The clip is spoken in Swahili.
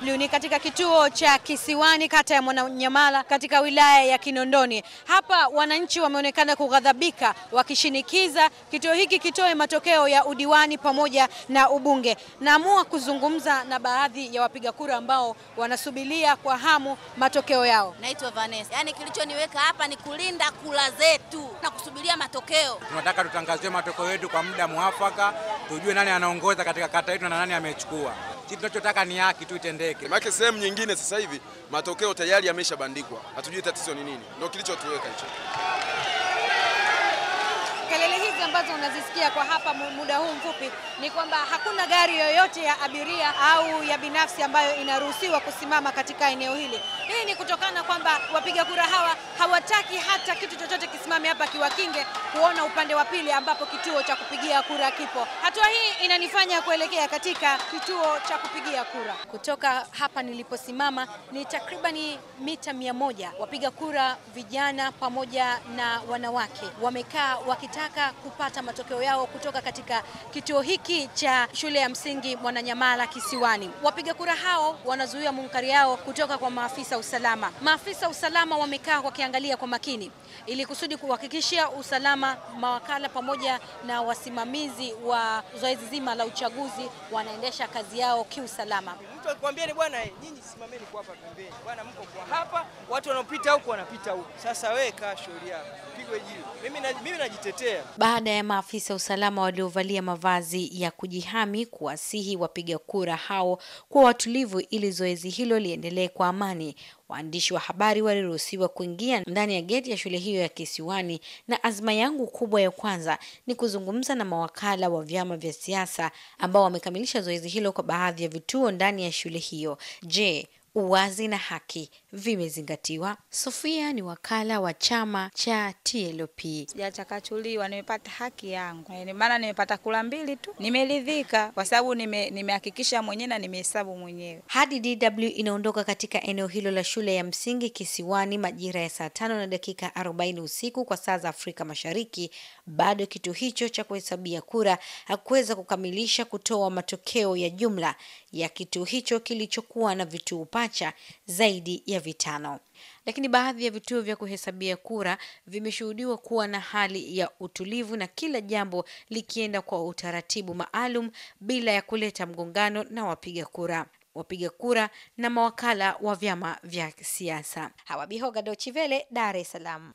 Ni katika kituo cha Kisiwani kata ya Mwananyamala katika wilaya ya Kinondoni. Hapa wananchi wameonekana kughadhabika wakishinikiza kituo hiki kitoe matokeo ya udiwani pamoja na ubunge. Naamua kuzungumza na baadhi ya wapiga kura ambao wanasubilia kwa hamu matokeo yao. Naitwa Vanessa. Yaani kilichoniweka hapa ni kulinda kura zetu na kusubiria matokeo. Tunataka tutangaziwe matokeo yetu kwa muda mwafaka, tujue nani anaongoza katika kata yetu na nani amechukua. Sisi tunachotaka ni haki tu itendeke. Maana sehemu nyingine sasa hivi matokeo tayari yameshabandikwa, hatujui tatizo ni nini. Ndio kilichotuweka hicho kelele hizi ambazo unazisikia kwa hapa muda huu mfupi ni kwamba hakuna gari yoyote ya abiria au ya binafsi ambayo inaruhusiwa kusimama katika eneo hili. Hii ni kutokana kwamba wapiga kura hawa hawataki hata kitu chochote kisimame hapa kiwakinge kuona upande wa pili ambapo kituo cha kupigia kura kipo. Hatua hii inanifanya kuelekea katika kituo cha kupigia kura. Kutoka hapa niliposimama ni takribani mita mia moja. Wapiga kura vijana pamoja na wanawake wamekaa wakita wanataka kupata matokeo yao kutoka katika kituo hiki cha shule ya msingi Mwananyamala Kisiwani. Wapiga kura hao wanazuia munkari yao kutoka kwa maafisa usalama. Maafisa usalama wamekaa wakiangalia kwa makini ili kusudi kuhakikishia usalama mawakala pamoja na wasimamizi wa zoezi zima la uchaguzi wanaendesha kazi yao kiusalama. Mtu akwambieni bwana, eh, nyinyi simameni kwa hapa pembeni, bwana, mko kwa hapa, watu wanaopita huku wanapita huku. Sasa wewe kaa shauri yako, pigwe jiwe. Mimi mimi najitetea baada ya maafisa usalama waliovalia mavazi ya kujihami kuwasihi wapiga kura hao kwa watulivu ili zoezi hilo liendelee kwa amani. Waandishi wa habari waliruhusiwa kuingia ndani ya geti ya shule hiyo ya kisiwani. Na azma yangu kubwa ya kwanza ni kuzungumza na mawakala wa vyama vya siasa ambao wamekamilisha zoezi hilo kwa baadhi ya vituo ndani ya shule hiyo. Je, uwazi na haki vimezingatiwa. Sofia ni wakala wa chama cha TLP. Sijachakachuliwa, nimepata haki yangu, eh, maana nimepata kula mbili tu, nimeridhika kwa sababu nimehakikisha nime mwenyewe na nimehesabu mwenyewe. Hadi DW inaondoka katika eneo hilo la shule ya msingi Kisiwani majira ya saa tano na dakika 40 usiku kwa saa za Afrika Mashariki, bado kitu hicho cha kuhesabia kura hakuweza kukamilisha kutoa matokeo ya jumla ya kituo hicho kilichokuwa na vituo pacha zaidi ya vitano. Lakini baadhi ya vituo vya kuhesabia kura vimeshuhudiwa kuwa na hali ya utulivu na kila jambo likienda kwa utaratibu maalum bila ya kuleta mgongano na wapiga kura wapiga kura na mawakala wa vyama vya siasa. Hawabihoga Dochivele, Dar es Salaam.